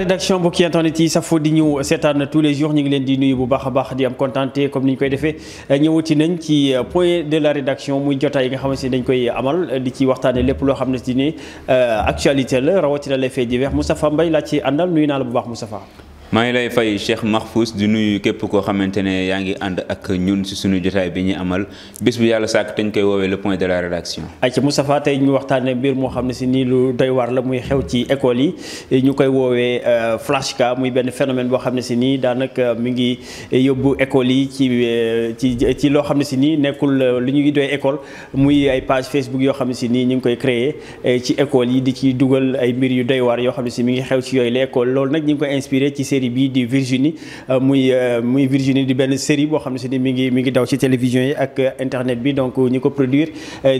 rédaction mbokki internet yi safo di ñëw seetaan tous les jours ñu ngi leen di nuyu bu baax a baax di am contenté comme ni ñu koy defee ñëwati nañ ci euh, point de la rédaction muy jotaay yi nga xamante ni dañ koy amal di ci waxtaane lépp loo xam ne si ni euh, actualité la rawatina les faits divers Moustapha Mbaye laa ci àndal nuyu naa la bu baax Moustapha maa ngi lay fay Cheikh Mahfous di nuyu képp koo xamante ne yaa ngi ànd ak ñun ci suñu jotaay bi ñu amal bis bu yàlla sàkk te ñu koy woowee le point de la rédaction. ayca Moustapha tey waxtaanee mbir moo xam ne ci nii lu doy waar la muy xew ci école yi ñu koy woowee euh, flash cas muy benn phénomène boo xam ne si nii daanaka euh, mi ngi euh, yóbbu école yi ci ci ci loo xam ne si nii nekkul lu ñu ngi doy école muy ay page Facebook yoo xam ne ci nii ñu ngi koy créer ci école yi di ci dugal ay mbir yu doy waar yoo xam ne si mi ngi xew ci yooyu la école loolu nag ñu ngi koy inspiré ci série bi di Virginie euh, muy euh, muy Virginie di benn série boo xam ne si ni mi ngi mi ngi daw ci télévision yi ak euh, internet bi donc ñi ko produire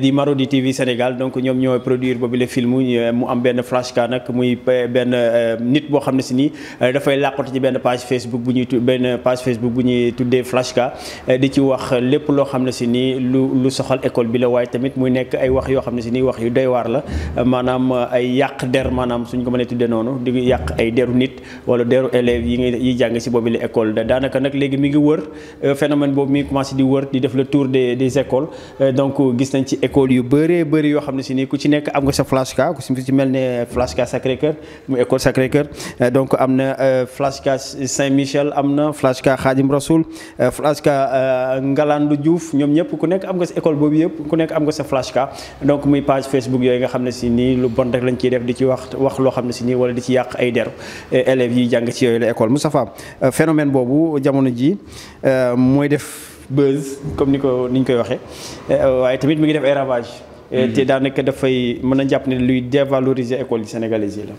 di maro Marodi TV Sénégal donc ñoom ñoo produire boobu le film mu am benn flash ka nag muy benn nit boo xam ne si nii dafay làqatu ci benn page Facebook bu ñuy benn page Facebook bu ñuy tuddee flash ka di ci wax lépp loo xam ne si nii lu lu soxal école bi la waaye tamit muy nekk ay wax yoo xam ne si nii wax yu doy waar la maanaam ay yàq der maanaam suñ ko mënee tuddee noonu élèves yi ngay yiy jàng si boobu la école daanaka nag léegi mi ngi wër euh, phénomène boobu mi ngi di wër di def le tour des des écoles euh, donc gis nañ ci école yu bëree bëri yoo xam ne si nii ku ci nekk am nga sa flashka ku si mel ne flashka Sacré Cœur mu école Sacré Cœur euh, donc am na flashka Saint-Michel am na ñoom ñëpp ku nekk am nga sa école boobu yëpp ku nekk am sa flashka donc muy page Facebook yooyu nga xam ne si nii lu bon rek lañ ciy def di ci wax wax loo xam ne si nii wala di ci yàq ay der élèves yi jàng ci yooyu yooyu école Moustapha euh, phénomène boobu jamono ji euh, mooy def buzz comme ni ko ni ñu koy waxee euh, waaye tamit mu ngi def ay ravage mm-hmm. te daanaka dafay mën a jàpp ne luy dévaloriser école yi sénégalaises yi la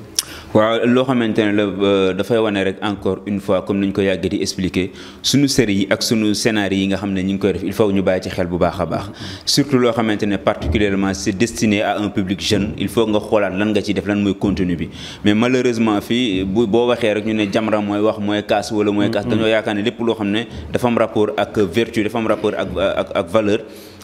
waaw loo xamante ne la euh, dafay wane rek encore une fois comme ni koy ko yàggee di expliquer suñu série yi ak suñu scénario yi nga xam ne ñu ngi koy def il faut ñu bàyyi ci xel bu baax a baax surtout loo xamante ne particulièrement c'est destiné à un public jeune il faut nga xoolaat lan nga ciy def lan mooy contenu bi mais malheureusement fii bu boo waxee rek ñu ne Jamra mooy wax mooy kaas wala mooy kaas mm-hmm. dañoo yaakaar ne lépp loo xam ne dafa am rapport ak vertu dafa am rapport ak ak ak valeur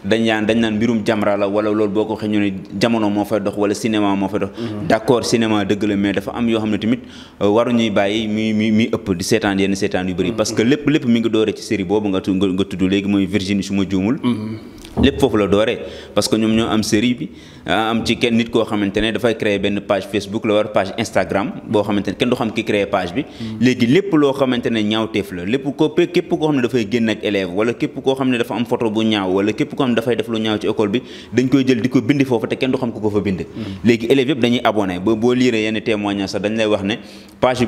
dañ ñaan dañ naan mbirum jamra la wala loolu boo ko waxee ne jamono moo fay dox wala cinéma moo fay dox mhm. d'accord cinéma dëgg la mais dafa am yoo xam ne tamit euh, waru ñuy bàyyi mi mi mi ëpp di seetaan yenn seetaan yu bëri mhm. parce que lépp lépp mi ngi doore ci série boobu nga nga tudd léegi mooy Virginie su ma juumul mhm. lépp foofu la dooree parce ñoom ñoo am série bi ah, am ci kenn nit koo xamante dafay créer benn page Facebook la war page Instagram boo xamante kenn du xam ki créer page bi. Mm. léegi lépp loo xamante ne ñaawteef la lépp ko képp koo xam ne dafay génn ak élève wala képp koo xam ne dafay def lu ñaaw ci école bi dañ koy jël di ko bind foofu te kenn du xam ku ko fa bind. Mm. léegi élèves yëpp dañuy abonné ba boo liiree yenn témoignage sax dañ lay wax ne page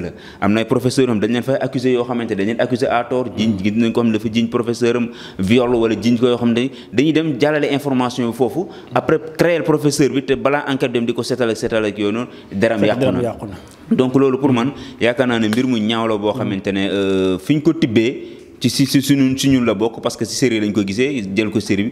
la am nay professeur am dañ leen fay accuser yoo xamante dañ leen ko xam ne dañuy dem jàllale information yi foofu après créer professeur bi te balaa enquête dem di ko seetal ak seetal ak yooyu deram yàqu na donc loolu pour man yaakaar naa ne mbir mu ñaaw la boo xamante ne euh, fi ñu ko tibbee ci si si suñu si la bokk parce série lañ ko gisee jël ko série bi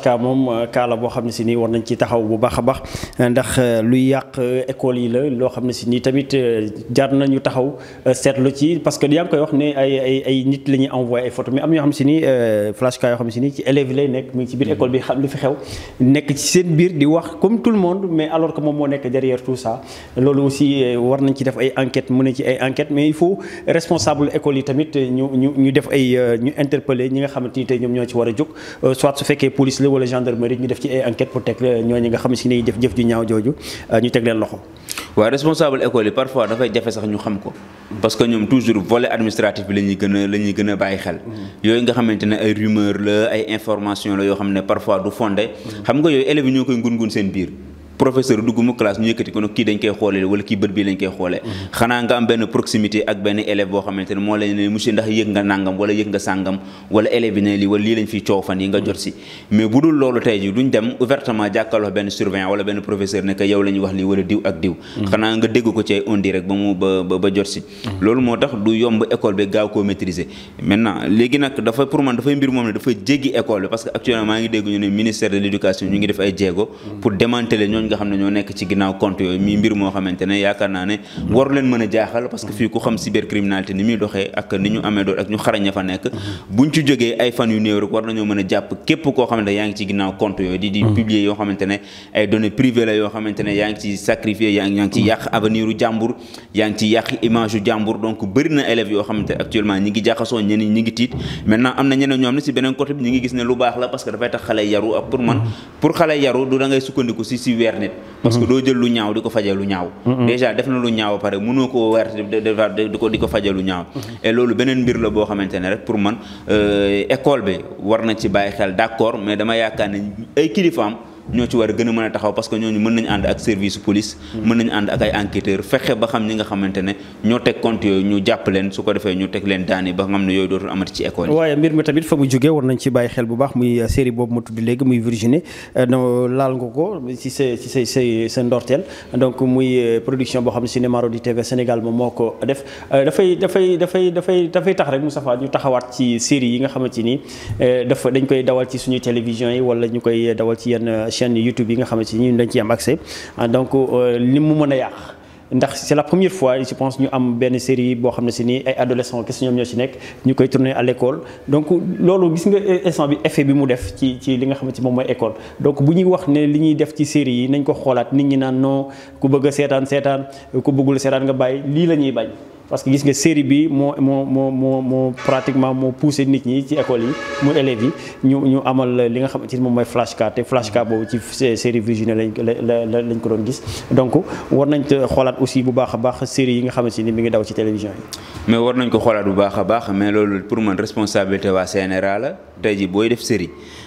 ka moom kaala boo xam ne si nii war nañ ci taxaw bu baax a baax ndax euh, luy yàq euh, école yi la loo xam ne si nii tamit euh, jaar nañu taxaw seetlu ci parce que yaa ngi koy wax ne ay ay ay nit la ñuy envoyé ay photo am yoo xam ne si nii flash ka yoo xam ne si nii ci élèves lay nekk mu ngi ci mm-hmm. école bi xam lu fi xew nekk ci seen biir di wax comme tout le monde mais alors que moom moo nekk derrière tout ça loolu aussi war nañ ci def ay enquête mu ne ci ay enquête mais il faut responsable école yi tamit ñu ñu ñu def ay ñu interpeller ñi nga xamante ni tey ñoom ñoo ci war a jóg wala gendarmerie ñu def ci ay enquête teg ñooñu nga xam si ne def jëf ju ñaaw jooju euh, ñu teg leen loxo. waaw responsable école yi parfois dafay jafe sax ñu xam ko parce ñoom toujours volet administratif bi la ñuy gën a a bàyyi xel mm-hmm. yooyu nga xamante ne ay rumeur la ay information la yoo xam ne parfois du fondé mm-hmm. xam nga yooyu élèves ñoo koy ngun ngun seen biir professeur dugg mu classe ñu yëkkati ko ne kii dañ koy xoolee wala kii bët bii lañ koy xoolee mm-hmm. xanaa nga am benn proximité ak benn élève boo xamante ne moo lay ne monsieur ndax yëg nga nàngam wala yëg nga sàngam wala élève bi ne lii wala lii lañ fiy coow yi nga jot si mm-hmm. mais bu dul loolu tey duñ dem ouvertement jàkkaarloo benn surveillant wala benn professeur ne que yow wax lii wala diw ak diw mm-hmm. xanaa nga dégg ko ci ay ondi rek ba mu ba ba du yomb école bi gaaw koo maîtriser maintenant léegi nag nga xam ne ñoo nekk ci ginnaaw compte yooyu mii mbir moo xamante ne yaakaar naa ne waru mën a jaaxal parce que fii ku xam cybercriminalité ni muy doxee ak ni ñu amee doon ak ñu xaraña fa nekk buñ ci jógee ay fan yu néew rek war nañoo mën a jàpp képp koo xamante ne yaa ngi ci ginnaaw compte yooyu di di mm. publier yoo xamante ne ay données privées la yoo xamante ne yaa ngi ci sacrifié yaa ngi ci mm. yàq avenir jàmbur yaa ngi ci yàq image jàmbur donc bëri pour xale yaru du da ngay sukkandiku si si weer nit parce que mm-hmm. doo jël lu ñaaw di ko fajee lu ñaaw mm-hmm. déjà def na lu ñaaw pare mënoo koo weer di ko di ko fajee lu ñaaw mm-hmm. et loolu beneen mbir la boo xamante ne rek pour man euh, école bi war na ci bàyyi xel d'accord mais dama yaakaar ne ay kilifaam ñoo ci war a gën a mën a taxaw parce que ñooñu mën nañu ànd ak service police mm-hmm. mën nañu ànd ak ay enquêteur fexe ba xam ni nga xamante ne ñoo teg compte yooyu ñu jàpp leen su ko defee ñu teg leen daani ba nga xam ne yooyu dootul amati ci école yi waaye tamit fa mu jógee war nañ ci bàyyi xel bu baax muy euh, série boobu ma tudd léegi muy Virginie euh, laal nga ko ci sa ci say say sa ndorteel donc muy euh, production boo xam ne si Marodi TV Sénégal moom moo ko def dafay dafay dafay dafay dafay tax rek Moustapha ñu taxawaat ci série yi nga xamante ni dafa dañ koy dawal ci suñu télévision yi wala ñu koy dawal ci yenn chaîne YouTube yi nga xam ne si ñun dañ ciy am accès ah, donc euh, li mu mën a yàq. ndax c'est la première fois je pense ñu am benn série boo xam ne si nii ay adolescents kese ñoom ñoo ci nekk ñu koy tourner à l'école donc loolu gis nga eh, instant bi effet bi mu def ci ci li nga xam xamante moom mooy école donc bu ñuy wax ne li ñuy def ci série yi nañ ko xoolaat nit ñi naan non ku bëgg seetaan seetaan ku bëggul seetaan nga bàyyi lii la ñuy bañ parce que gis nga série bi moo moo moo moo moo pratiquement moo poussé nit ñi ci école yi mu élèves yi ñu ñu amal li nga xam ni moom mooy flashcard te flashcard boobu ci série visionnaire lañ la lañ ko doon gis donc war nañ xoolaat aussi bu baax a baax série yi nga xamante ni mi ngi daw ci télévision yi. mais war nañ ko xoolaat bu baax a baax mais loolu pour man responsabilité waa CNRA la ji booy def série.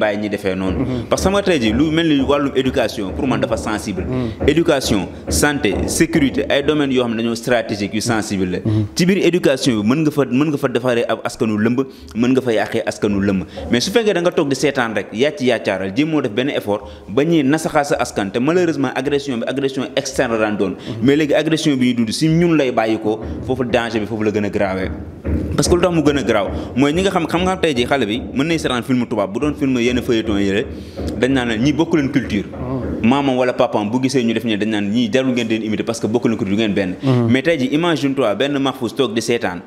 bàyyi ñi defee noonu mm-hmm. parce que sama tey ji lu mel ni wàllum éducation pour man dafa sensible mm-hmm. éducation santé sécurité ay domaines yoo xam ne dañoo stratégique yu sensible la mm-hmm. ci biir éducation bi mën nga fa mën nga fa defaree ab askanu lëmb mën nga fa yàqee askanu lëmb mais su fekkee da nga toog di seetaan rek yàcc yàccaaral jéem moo def benn effort ba ñuy nasaxaa sa askan te malheureusement agression bi agression externe la daan doon mais léegi agression bi ñu dund si ñun lay bàyyi ko a grave parce que lu tax mu gën a garaaw mooy ñi nga xam xam nga tey jii xale bi mën nañ seetaan film tubaab bu doon film yenn feuilleton yi dañ naan ñi bokk leen culture oh. maamam wala papaam bu gisee ñu def ne dañ naan ñii jarul ngeen deen imiter parce bokk leen culture du ngeen benn mm-hmm. mais tey jii imagine toi benn Mahfouz toog di seetaan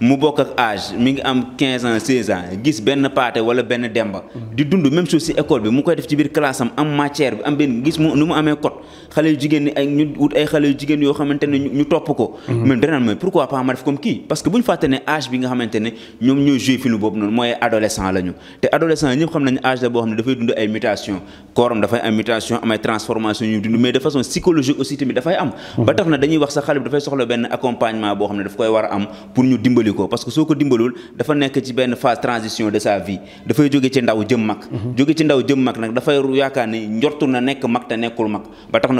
mu bokk ak âge mi ngi am 15 an 16 ans gis benn paate wala benn demba mm-hmm. di dund même chose si école bi mu koy def ci biir classe am am amee code xale yu jigéen ñi ay ñu wut ay xale yu jigéen yoo xamante ne ñu topp ko mhm. mais danaan mooy pourquoi pas ma def comme kii parce que bu ñu fàtte ne âge bi nga xamante ne ñoom ñooy joué film boobu noonu mooy adolescent la ñu te adolescent ñëpp xam nañu âge la boo xam ne dafay dund ay mutation kooram dafay am mutation am ay transformation yu dund mais de façon psychologique mhm. ba tax na dañuy wax sa xale bi dafay soxla benn accompagnement boo xam ne daf koy war a am pour ñu dimbali ko parce que soo ko dimbalul dafa nekk ci benn phase transition de sa vie dafay jóge mhm. te nekkul mag ba tax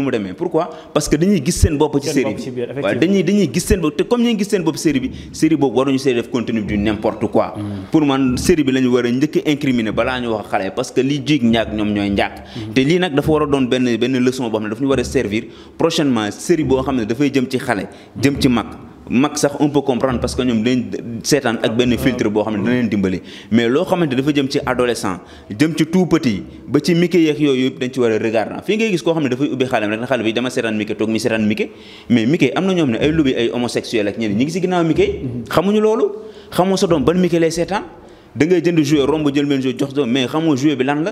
mu demee pourquoi parce que dañuy gis seen bopp ci série bi waaw dañuy dañuy gis seen bopp te comme ñu ngi gis seen bopp série bi série boobu waruñu série def contenu du n'importe quoi mm. pour man série bi la war a njëkk incriminer balaa ñu wax xale parce que lii jiig ñaak ñoom ñooy ñaak mm. te lii nag dafa war a doon benn benn leçon boo xam ne daf ñu war a servir prochainement série boo xam ne dafay jëm ci xale jëm ci mag mag sax on peut comprendre parce que ñoom dañ seetaan ak benn filtre boo xam ne dina leen dimbali loo xamante dafa jëm ci adolescent jëm ci a gis koo xam ne dafay ubbi xaalam rek na xale bi dama seetaan Mickey toog mi seetaan Mickey na ñoom ne ay lubi ay homosexuel ak ñeneen jënd jouet romb jël benn jox mais xamoo jouet bi lan la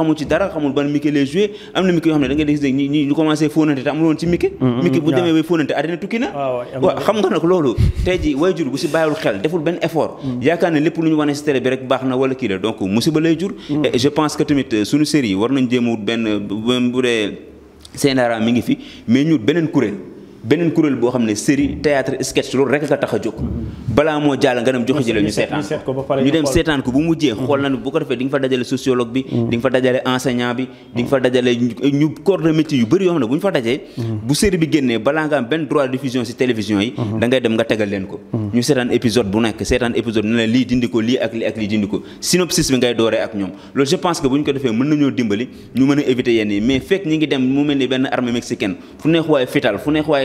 xamul ci dara xamul ban mike lay joué am na mike yoo xam ne da ngay gis ne ñu commencé fóonante te amul woon ci mike mm, mm, mike bu demee bay fóonante àddina tukki na waaw xam nga nag loolu tey ji waajur bu si bàyyiwul xel deful benn effort mm. yaakaar ne lépp lu ñu wane si télé bi rek baax na wala kii la donc musiba lay jur et je que tamit euh, suñu série war nañ jéem wut benn bu dee CNRA mi ngi fi mais ñu beneen kuréel beneen kuréel boo xam ne série théâtre sketch rek la tax a jóg balaa moo jàll nga dem joxe ji ñu seetaan ñu dem seetaan ko bu mujjee mhm. xool nañu bu ko defee di fa dajale sociologue bi mhm. di fa dajale enseignant bi di fa mhm. dajale ñu corps de yu bëri yoo xam ne bu ñu fa dajee bu série bi génnee balaa nga benn droit diffusion si télévision yi da dem nga tegal leen ko ñu seetaan épisode bu nekk seetaan épisode ne la lii dindi ko lii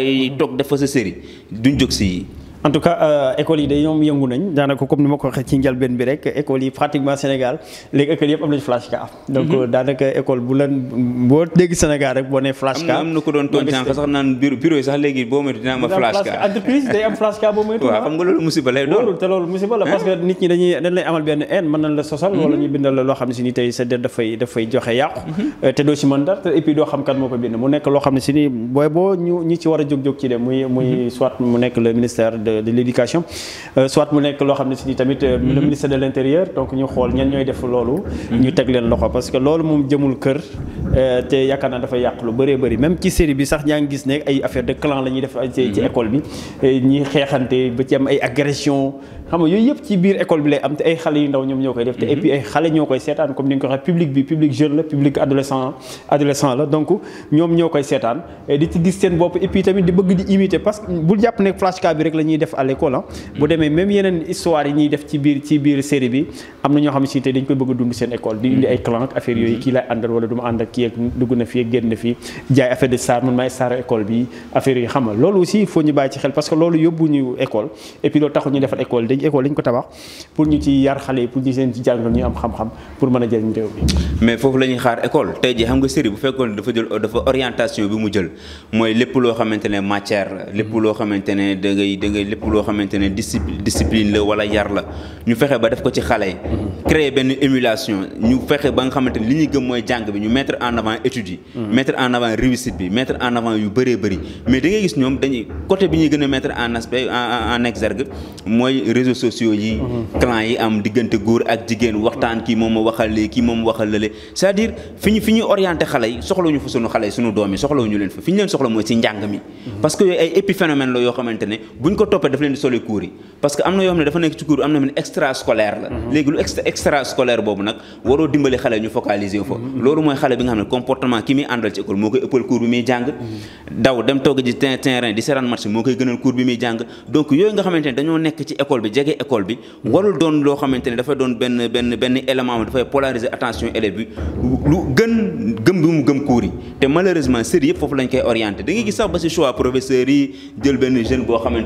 yi toog dafa sa duñ jóg yi en euh, yi day ñoom yëngu nañ daanaka comme ni ma ko waxee ci njëlbeen bi rek école yi pratiquement Sénégal léegi école yëpp am nañ flash card donc mhm. euh, daanaka école bu lan boo dégg Sénégal rek boo nee flash card boo moytu a flash card boo mu nekk loo xam ne si ni booy boo ñu ñi ci war a jóg-jóg ci dem muy muy mhm. soit mu nekk le ministère de l'éducation euh, soit mu nekk loo xam ne si ni tamit euh, le mhm. ministre de l'intérieur donc ñu xool ñan ñooy def loolu mhm. ñu teg leen loxo parce loolu moom jëmul kër euh, te yaakaar naa dafa yàq lu bëree bëri même ci série bi sax ñaa ngi gis ne ay affaire de clan la def ci mhm. école bi ñi xeexante ba ci am ay xam nga yooyu yëpp ci biir école bi lay am te ay xale yu ndaw ñoom ñoo koy def te ay xale ñoo koy seetaan comme ni nga ko waxee public bi def à l'école ah. bu hmm. demee même yeneen histoire yi ñuy def ci biir ci biir série bi am na ñoo xam si te dañ koy bëgg dund seen école di indi hmm. ay clan ak affaire yooyu hmm. kii lay àndal wala du ma ànd kii ak dugg na fii ak génn na jaay affaire de star man maay star école bi affaire yi xam loolu aussi il ñu bàyyi ci xel parce que loolu yóbbu ñu école et loolu taxul ñu defal école dañ école dañ ko tabax pour ñu ci yar xale yi pour ñu seen ci jàngal lépp loo xamante ne discipline discipline la wala yar la ñu fexe ba def ko ci xale yi. créer benn émulation ñu fexe ba nga xamante ne li ñuy gëm mooy jàng bi ñu mettre en avant études yi. Mm. mettre en avant réussite bi mettre en avant yu bëree bëri mais da ngay gis ñoom dañuy côté bi ñuy gën a mettre en aspect en exergue mooy réseaux sociaux yi. Mm-hmm. clan yi am diggante góor ak jigéen waxtaan kii moom ma waxal lee kii moom waxal lale c'est-à-dire fi ñu fi ñu orienté xale yi soxlawuñu fa sunu xale sunu doom yi soxlawuñu leen fa fi ñu leen soxla mooy ci njàng mi. Mm-hmm. toppee daf leen di soli cours parce que am na yoo xam ne dafa nekk ci cours am na mu ne extra scolaire la mhm. léegi lu extra scolaire boobu nag waroo dimbali xale ñu focaliser fa mhm. loolu mooy xale bi nga xam ne comportement ki muy àndal ci école moo koy ëppal cours bi muy jàng mhm. donc yooyu nga xamante ne dañoo nekk ci école bi jege école bi warul doon loo xamante ne dafay doon benn benn benn élément dafay polariser attention élève bi lu gën gëm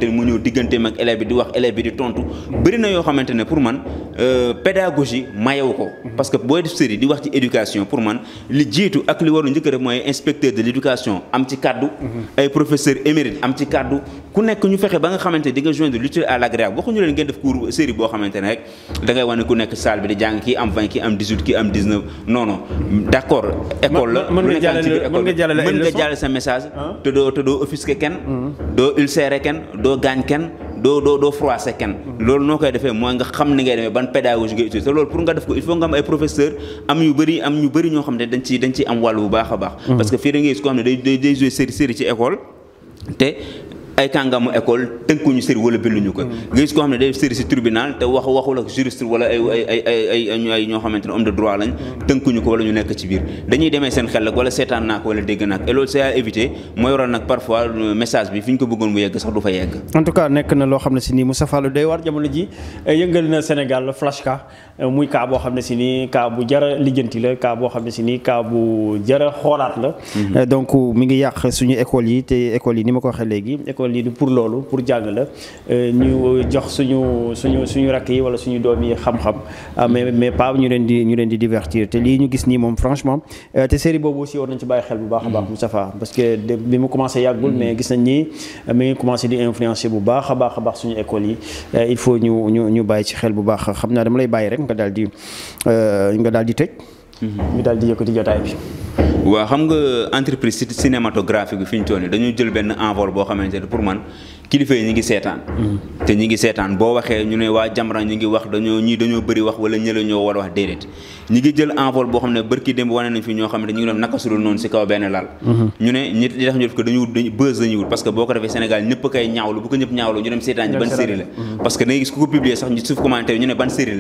da digganteem ak élève bi di wax élève bi di tontu bëri na yoo xamante ne pour man euh, pédagogie mayewu ko. Mhm. parce que booy def di wax ci éducation pour man li jiitu ak li waru njëkk rek mooy inspecteur de l' éducation am ci kàddu. Mhm. ay professeur émérite am ci kàddu. ku nekk ñu fexe ba nga xamante di nga joindre l'utile à l'agréable waxuñu leen ngeen def cours série boo xamante ne rek da ngay wane ku nekk salle bi di jàng kii am 20 kii am 18 kii sa message ah. te doo te doo offusquer kenn hmm. doo doo doo doo doo froissé kenn hmm. noo koy defee mooy nga xam ni ngay demee ban pédagogie ngay utiliser te loolu pour nga def ko il ne dañ ci dañ bu baax a baax hmm. parce que te ay kàngamu école tënkuñu sëriñ wala binduñu ko mm. nga gis koo xam ne day sëriñ si tribunal te wax waxul ak juriste wala ay ay ay ñoo xamante ne homme de droit lañ mm. tënkuñu ko wala ñu nekk ci biir dañuy demee seen xel ak wala seetaan naa ko wala dégg naa ko et loolu c'est éviter mooy waral nag parfois euh, message bi fi ñu ko bëggoon mu yegg sax du fa yegg en tout cas nekk na loo xam ne si nii Moussa Fallou day war jamono ji euh, yëngal na Sénégal flash ka la euh, cas boo xam ne si la mm-hmm. donc mi ngi yàq suñu école yi toll nii pour loolu pour jàng la euh, ñu jox suñu suñu suñu rakk yi wala suñu doom yi xam-xam ah, mais mais pas ñu leen di ñu leen di divertir te lii ñu gis nii moom franchement euh, te série boobu aussi war nañ ci bàyyi xel bu baax a baax mm. Moustapha parce que bi mu commencé yàggul mm. mais gis nañ ni euh, mi ngi commencé di influencer bu baax a baax a baax suñu école yi il faut ñu ñu ñu bàyyi ci xel bu baax xam naa dama lay bàyyi rek nga daal di nga daal di tëj Mhm. ñu daal di yëkkati jotaay bi. waaw xam nga entreprise cinématographique bi fi ñu toll nii dañu jël benn envol boo xamante ne pour man kilifa yi ngi seetaan. Mm-hmm. te ñi ngi seetaan boo waxee ñu ne waa Jamra ñu ngi wax dañoo ñii dañoo bëri wax wala ñële ñoo war wax déedéet ñi ngi jël envol boo xam ne bërki démb wane nañ fi ñoo xam ne naka sudul noonu si kaw benn laal mm-hmm. ñu ne ñi li tax def ko dañu dañu dañu wut parce que boo ko defee Sénégal ñëpp kay ñaawlu bu ko ñëpp ñaawlu ñu dem seetaan ji ban série la mm-hmm. parce que da gis ku ko publier sax ñu suuf commentaire ñu ne ban série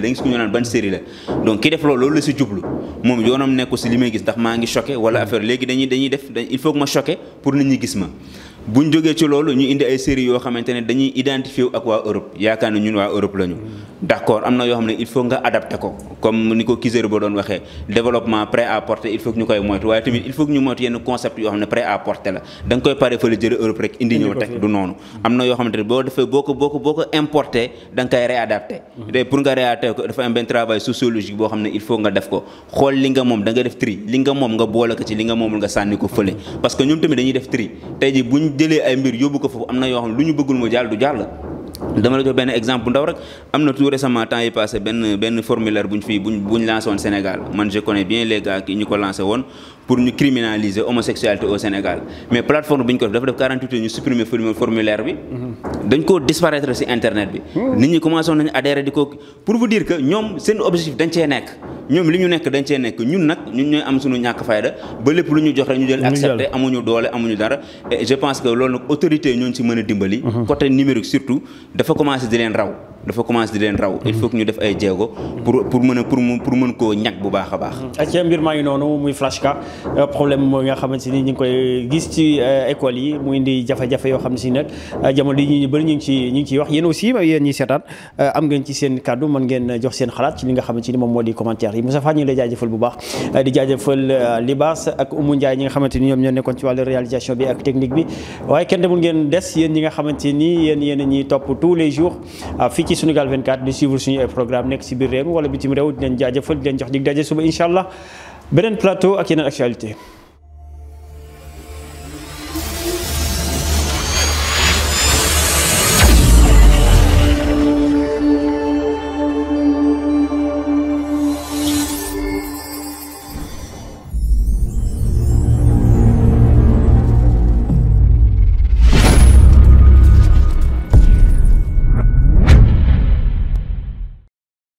la bu ñu jógee ci loolu ñu indi ay séries yoo xamante ne dañuy identifier wu ak waa Europe yaakaar na ñun waa Europe lañu. d' am na yoo xam ne il faut nga adapté ko comme ni ko Kizere ba doon waxee développement prêt à porter il faut que ñu koy moytu waaye tamit il faut que ñu moytu yenn concept yoo xam ne prêt à porter la da koy pare fële jële Europe rek indi ñëw teg du noonu. am na yoo xamante ne boo defee boo ko boo ko boo ko importé da nga jële ay mbir yóbbu ko foofu am na yoo xam lu ñu bëggul mu jàll du jàll dama la jox benn exemple bu ndaw rek am na tout récemment temps yi passé benn benn formulaire bu fii buñ bu ñu woon Sénégal man je connais bien les ki ñu ko lancé woon pour ñu criminaliser homosexualité au Sénégal mais plateforme bi ñu ko def dafa def 48 heures ñu supprimer formulaire bi dañ koo disparaître ci internet bi mmh. nit ñi commencé nañu adhérer di ko pour vous dire que ñoom seen objectif dañ cee nekk ñoom li ñu nekk dañ cee nekk ñu dafa commencé di raw dafa commencé di leen raw il faut que ñu def ay jéego pour mën a pour koo ñag bu baax a baax ci mbir maa noonu muy flash cas euh, problème mooy nga xamante ni ñu ngi koy gis ci euh, yi mu indi jafe-jafe xam si nag euh, jamono yi ñu ci ñu ngi ciy wax yéen aussi yéen ñi seetaan am ngeen ci seen kàddu mën ngeen jox seen xalaat ci nga xamante ni moom moo di di jaajëfal Libas ak Oumou Ndiaye ñi ni ñoom ñoo nekkoon ci wàllu réalisation bi ak technique bi waaye kenn demul ngeen des yéen ñi nga xamante ni yéen ñi topp tous les jours ci Sunugal 24 di suivre suñu ay programme nekk si biir réew mi wala bitim réew di leen jaajëfal di leen jox dig daje suba incha allah beneen plateau ak yeneen